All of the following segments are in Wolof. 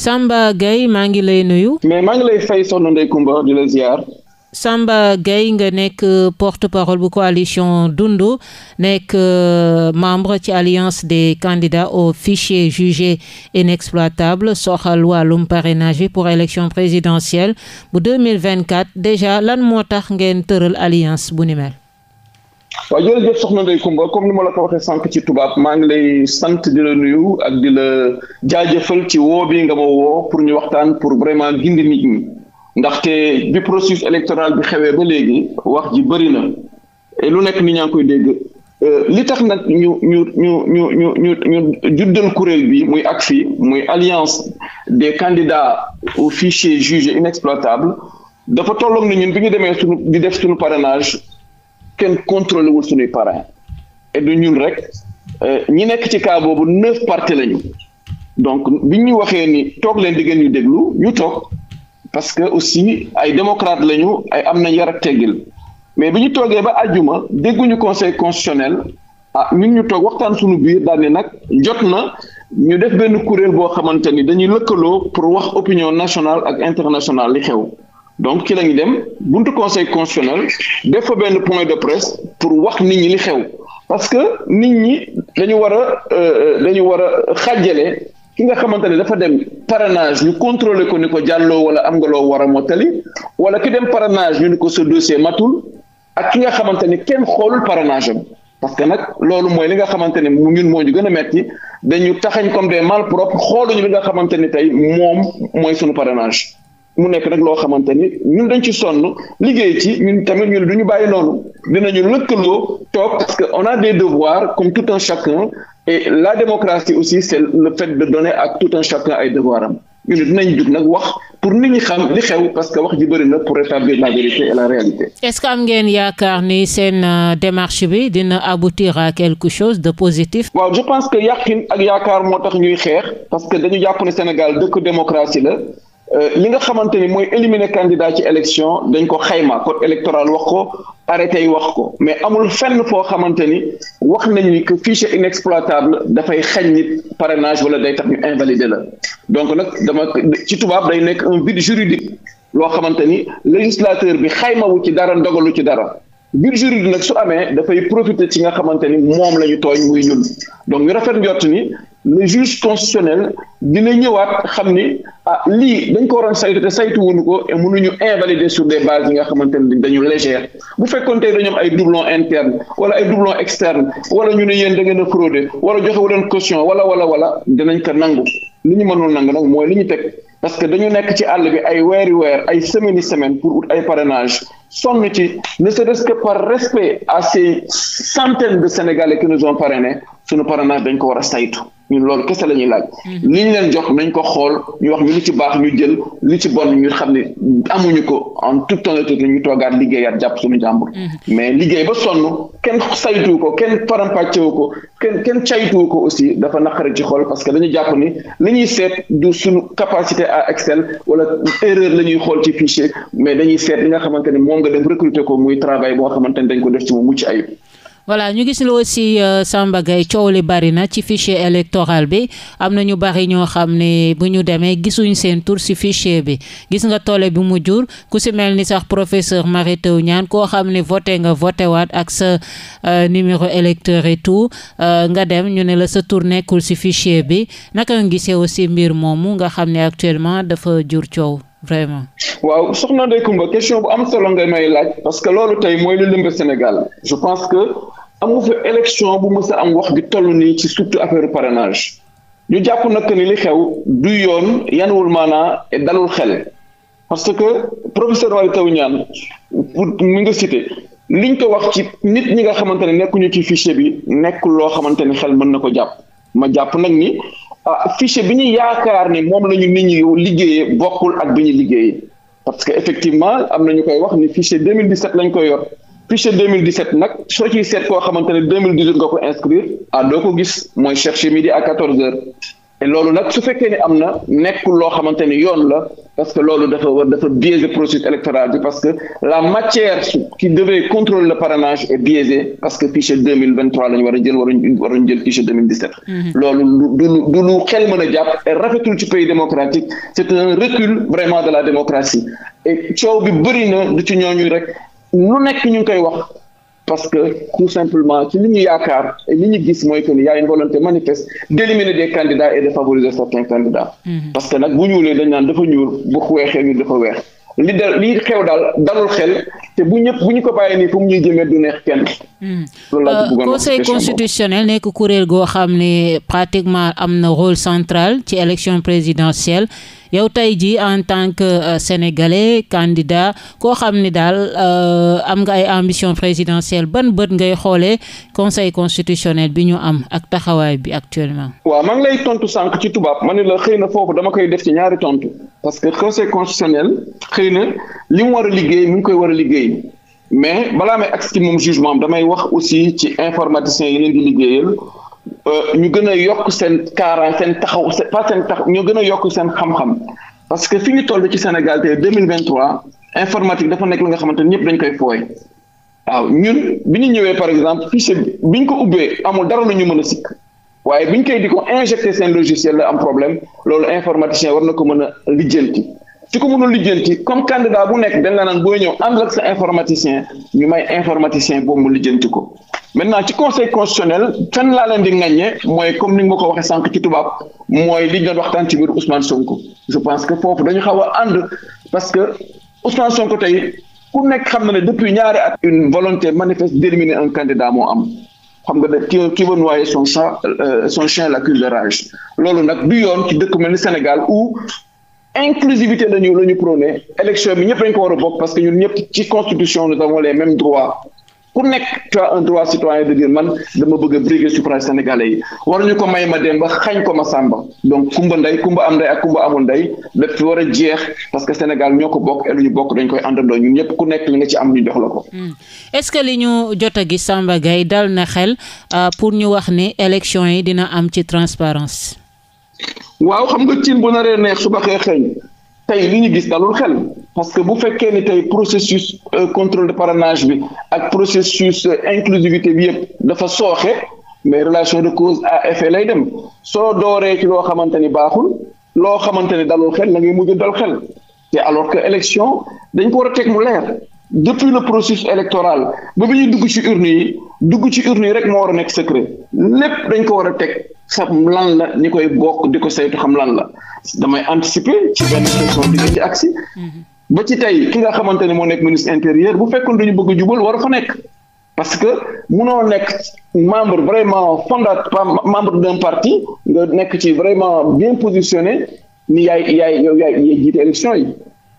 Samba Gaye maa maa ngi lay fay soxna Ndeye nga nekk porte-parole bu coalition Dundu nekk euh, membre ci alliance des candidats au fichier jugé inexploitable soxal wàllum parrainage pour élection présidentielle bu 2024 déjà lan moo tax ngeen tëral alliance bu ni mel. waa waaw jërëjëf soxna Ndeye Comba comme ni ma la ko waxee sànq ci tubaab maa ngi lay sant di la nuyu ak di la jaajëfal ci woo bi nga ma woo pour ñu waxtaan pour vraiment gindi nit ñi ndaxte bi processus électoral bi xewee ba léegi wax ji bëri na lu nekk ni ñaa ngi koy dégg euh, li tax nag ñu ñu ñu ñu ñu ñu ñu juddal kuréel bi muy ACFI muy alliance des candidats au fichier jugé inexploitable dafa tolloog na ñun bi ñu demee suñu di def suñu parrainage kenn contrôlé wul suñuy parrain et du ñun rek euh, ñi nekk ci cas boobu neuf parti lañu donc bi ñu waxee ni toog leen di ngeen ñu déglu ñu toog parce que aussi ay démocrate lañu ay am nañ yar ak teggil mais bi ñu toogee ba àjjuma dégguñu conseil constitutionnel ah ñun ñu toog waxtaan suñu biir daal nag jot na ñu def benn kuréel boo xamante ni dañuy lëkkaloo pour wax opinion nationale ak internationale li xew donc ci la ñu dem buntu conseil constitutionnel def fa benn point de presse pour wax nit ñi li xew parce que nit ñi dañu war a euh, dañu war a xàjjale ki nga xamante ne dafa dem parrainage ñu contrôler ko ni ko jàlloo wala am nga loo war a mottali wala ki dem parrainage ñu ni ko sa dossier matul ak ki nga xamante ni kenn xoolul parrainage am parce que nag loolu mooy li nga xamante ne mu ñun moo ñu gën a metti dañu taxañ comme des malpropres xooluñu li nga xamante ni tey moom mooy sunu parrainage mu nekk nag loo xamante ni ñun dañ ci sonn liggéey ci ñun tamit ñun du ñu bàyyi noonu dinañu lëkkaloo toog parce que on a des devoirs comme tout un chacun et la démocratie aussi c'est le fait de donner à tout un chacun ay devoir ñun dinañ jug nag wax pour nit ñi xam li xew parce que wax ji bëri na pour rétablir la vérité et la réalité. est-ce que am ngeen yaakaar ni seen euh, démarche bi dina aboutir quelque chose de positif. waaw je pense que yàqin ak yaakaar moo tax ñuy xeex parce que dañu jàpp ne Sénégal dëkk démocratie la. Euh, li nga xamante ni mooy éliminer candidat ci élection dañ ko xayma code électoral wax ko arrêté yi wax ko mais amul fenn foo xamante ni wax nañu ni que fichier inexploitable dafay xañ nit parrainage wala day tax ñu invalider la donc nag dama ci tubaab day nekk un vide juridique loo xamante ni législateur bi xaymawu ci dara ndogalu ci dara vide juridique nag su amee dafay profiter ci nga xamante ni moom la ñu tooñ muy ñun donc ñu rafet njort ni le juge constitutionnel dina ñëwaat xam ni ah lii dañ ko waroon saytu te saytu wuñu ko et mënuñu invalider sur des bases yi nga xamante ne dañu légère bu fekkoon tey dañu am ay doublon interne wala ay doublon externe wala ñu ne yéen da ngeen a frauder wala joxe leen caution wala wala wala dinañ ko nangu li ñu mënul nangu nag mooy li ñu teg parce que dañu nekk ci àll bi ay weeri weer ay semaines yi semaine pour ut ay parrainage sonn ci ne serait-ce que par respect à ces centaines de Sénégalais qui nous suñu parrainage dañ ko war a saytu ñun loolu kese la ñuy laaj. Mm-hmm. li ñu leen jox nañ ko xool ñu wax ñu lu ci baax ñu jël lu ci bon ñu xam ne amuñu ko en tout temps tout ñu toogaat liggéeyaat jàpp suñu jàmbur. Mm-hmm. mais liggéey ba sonn kenn saytuwu ko kenn parampàccewu ko kenn kenn caytuwu ko aussi dafa naqari ci xool parce que dañu jàpp ni li ñuy seet du suñu capacité à excel wala erreur la ñuy xool ci fichier mais dañuy seet li nga xamante ne moom nga dem recruter ko muy travail boo xamante ne dañ ko def voilà ñu gis la aussi euh, Samba Gaye coow li bari na ci fichier électoral bi am na ñu bari ñoo xam ne bu ñu demee gisuñ seen tur ci fichier bi gis nga tolle bi mu jur ku ci mel ni sax professeur Mary Teuw Niane koo xam ne voté nga voté waat ak sa euh, numéro électeur et tout euh, nga dem ñu ne la sa tur nekkul ci fichier bi naka nga gisee aussi mbir moomu nga xam ne actuellement dafa jur coow. vraiment. waaw soxna Ndeye Comba question bu am solo nga may laaj parce que loolu tey mooy lu lëmbe Sénégal je pense que amu fa élection bu mës a am wax bi tollu nii ci surtout affaire parrainage ñu jàpp nag ni li xew du yoon yanuwul maanaa et dalul xel parce que professeur Mary Teuw Niane pour mi nga cité liñ ko wax ci nit ñi nga xamante ne nekkuñu ci fichier bi nekk loo xamante ni xel mën na ko jàpp ma jàpp nag ni. Ah, fichier bi ñu yaakaar ne moom la ñu nit ñi liggéeyee bokkul ak bi ñu liggéeyee parce que effectivement am na ñu koy wax ni fichier 2017 lañ koy yor fichier 2017 nag soo ciy seet koo xamante ne 2018 nga ko inscrire ah doo ko gis mooy chercher midi à 14 heures. te loolu nag su fekkee ne am na nekkul loo xamante ni yoon la parce que loolu dafa war dafa biaisé processus électoral parce que la matière qui devait contrôler le parrainage est biaisée parce que fichier 2023 la ñu war a jël waruñ waruñ jël fichier 2017. Mhm. loolu du lu xel mën a jàpp et rafetul ci pays démocratique c'est un recul vraiment de la démocratie et coow bi bëri na du ci ñooñu rek lu nekk ñu koy wax. parce que tout simplement ci li ñu yaakaar et li ñu gis mooy que yaa y a une volonté manifeste d'éliminer des candidats et de favoriser certains candidats. Mhm. parce que nag bu ñuulee dañ naan dafa ñuul bu weexee ñu dafa weex li da li xew daal dalul xel te bu ñëpp bu ñu ko bàyyee nii fu mu ñuy jëmee du neex kenn. Hmm. loolu laa ci euh, conseil constitutionnel nekk kuréel goo xam ne pratiquement am na rôle centrale ci élection présidentielle yow tey jii en tant que euh, sénégale candidat koo xam ne daal euh, am nga ay ambition présidentielle ban bët ngay xoolee conseil constitutionnel bi ñu am ak taxawaay bi actuellement. waaw maa lay tontu sànq ci tubaab ma ne la xëy na foofu dama koy def ci ñaari tontu parce que conseil constitutionnel xëy na li war a liggéey mi ngi koy war a liggéey. mais balaa may agsi ci moom jugement am damay wax aussi ci informaticiens yi leen di liggéeyal euh, ñu gën a yokk seen kaaraan seen taxaw pas seen tax ñu gën a yokk seen xam-xam parce que fi ñu toll ci Sénégal tey deux mille vingt trois informatique dafa nekk la nga xamante ni ñëpp dañ koy fooy waaw ñun bi ñu ñëwee par exemple fichier bi ñu ko ubbee amul dara lu ñu mën a sikk waaye bi ñu koy di ko injecté seen logiciel la am problème loolu informaticien war na ko mën a lijjanti. ci ko mënul lijjanti comme candidat bu nekk da nga naan booy ñëw ànd ak sa informaticien ñu may informaticien boobu mu lijjanti ko maintenant ci conseil constitutionnel fenn laa leen di ŋaññee mooy comme ni nga ko waxee sànq ci tubaab mooy li ñu doon waxtaan ci biir Ousmane Sonko je pense que foofu dañu xaw a ànd parce que Ousmane Sonko tey ku nekk xam na ne depuis ñaari at une volonté manifeste d'éliminer un candidat moo am. xam nga de qui qui veut noyer son chat euh, son chien l'accuse de loolu nag du yoon ci dëkk mel ni Sénégal où inclusivité la ñu la élection bi ñëpp dañ ko war a bokk parce que ñun ñëpp ci constitution dama bëgg a briguer suffrage yi war ñu ko may ma dem ba xañ ko ma sàmba donc kumba ndey kumba am ndey ak kumba amul ndey daf fi war a jeex parce que Sénégal ñoo ko bokk et bokk dañ koy àndandoo ñun ñëpp ku nekk li nga ci am ñu jox la ko. Hmm. est ñu jot a gis dal na xel euh, pour ñu wax ni élection yi dina am ci transparence waaw xam nga cin na naree neex suba xee xeeñ li ñu gis dalul xel parce que bu fekkee ni tey processus euh, contrôle de parrainage bi ak processus euh, inclusivité bi yëpp dafa sooxe mais relation de cause à effet lay dem soo dooree ci loo xamante ni baaxul loo xamante ni dalul xel la ngay dal xel te alors que élection dañ ko war a teg mu leer depuis le processus électoral ba bi ñuy dugg ci urne yi dugg ci urne yi rek moo war a nekk secret lépp dañ ko war a teg xam lan la ñi koy bokk di ko saytu xam lan la damay anticiper ci benn question di nga ci agsi mhm. ba ci tey ki nga xamante ne moo nekk ministre intérieur bu fekkoon dañu bëgg a jubal war a fa nekk parce que munoo nekk membre vraiment fondateur membre d'un parti nga nekk ci vraiment bien positionné ni yaay yaay yow yaay yaay jiite élection yi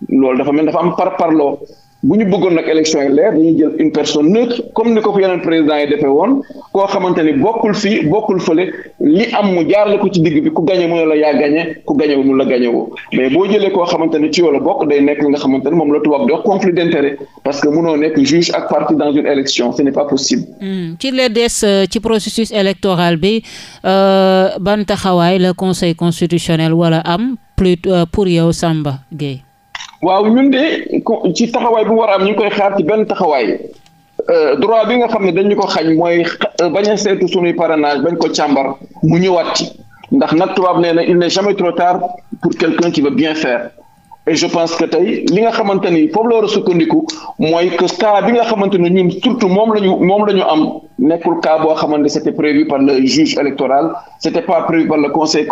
loolu dafa mel dafa am par parloo bu ñu bëggoon nag élection yi leer dañuy jël une personne neutre comme ni ko ko yeneen président yi defee woon koo xamante ni bokkul fii bokkul fële li am mu jaarale ko ci digg bi ku gañe mu ne la yaa gañe ku gañe wu mu la gañe woo mais boo jëlee koo xamante ni ci yow bokk day nekk li nga xamante ni moom la tubaab di wax conflit d'intérêt parce que mënoo nekk juge ak parti dans une élection ce n'est pas possible. Hmm. ci les des euh, ci processus électoral bi euh, ban taxawaay la conseil constitutionnel wala am plus euh, pour yow Samba Gueye. waaw ñun de ci taxawaay bu war am ñu koy xaar ci benn taxawaay euh, droit bi nga xam ne dañu ko xañ mooy euh, bañ a seetu suñuy parrainage bañ ko càmbar mu ñëwaat ci ndax nag tubaab nee na il n'est jamais trop tard pour quelqu'un qui veut bien faire et je pense que tey li nga xamante ni foofu la war a sukkandiku mooy que cas bi nga xamante ne ñun surtout moom lañu moom la ñu am nekkul cas boo xamante c'était prévu par le juge électoral c'était pas prévu par le conseil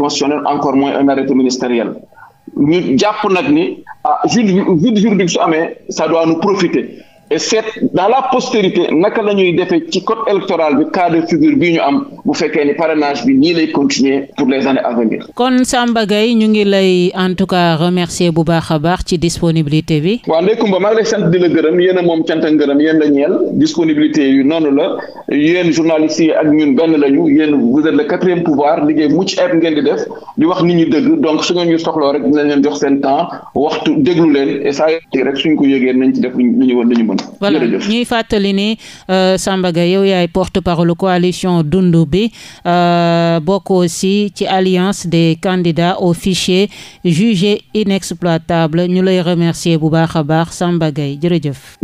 ñu jàpp nag ni ah jude jude juridique su amee ça doit nous profiter et seet dans la postérité naka la ñuy defee ci code électoral bi cas de figure bii ñu am bu fekkee ni parrainage bi nii lay continuer pour les années à venir. kon Samba Gaye ñu ngi lay en tout cas remercier bu baax a baax ci disponibilité bi. waaw Ndeye Comba maa ngi lay sant di la gërëm yéen moom cant ak ngërëm yéen la ñeel disponibilité yu noonu la yéen journalistes yi ak ñun benn lañu yéen vous êtes le quatrième pouvoir liggéey mucc ayib ngeen di def di wax nit ñi dëgg donc su ngeen ñu leen jox seen temps waxtu déglu leen et saa rek suñ ko yëgee nañ lu ñu lu voilà ñuy fàttali ni euh, Samba Gaye yow yaay porte-parole coalition Dundu Bi euh, bokk aussi ci alliance des candidats au fichier jugé inexploitable ñu lay remercier bu baax a baax Samba Gaye jërëjëf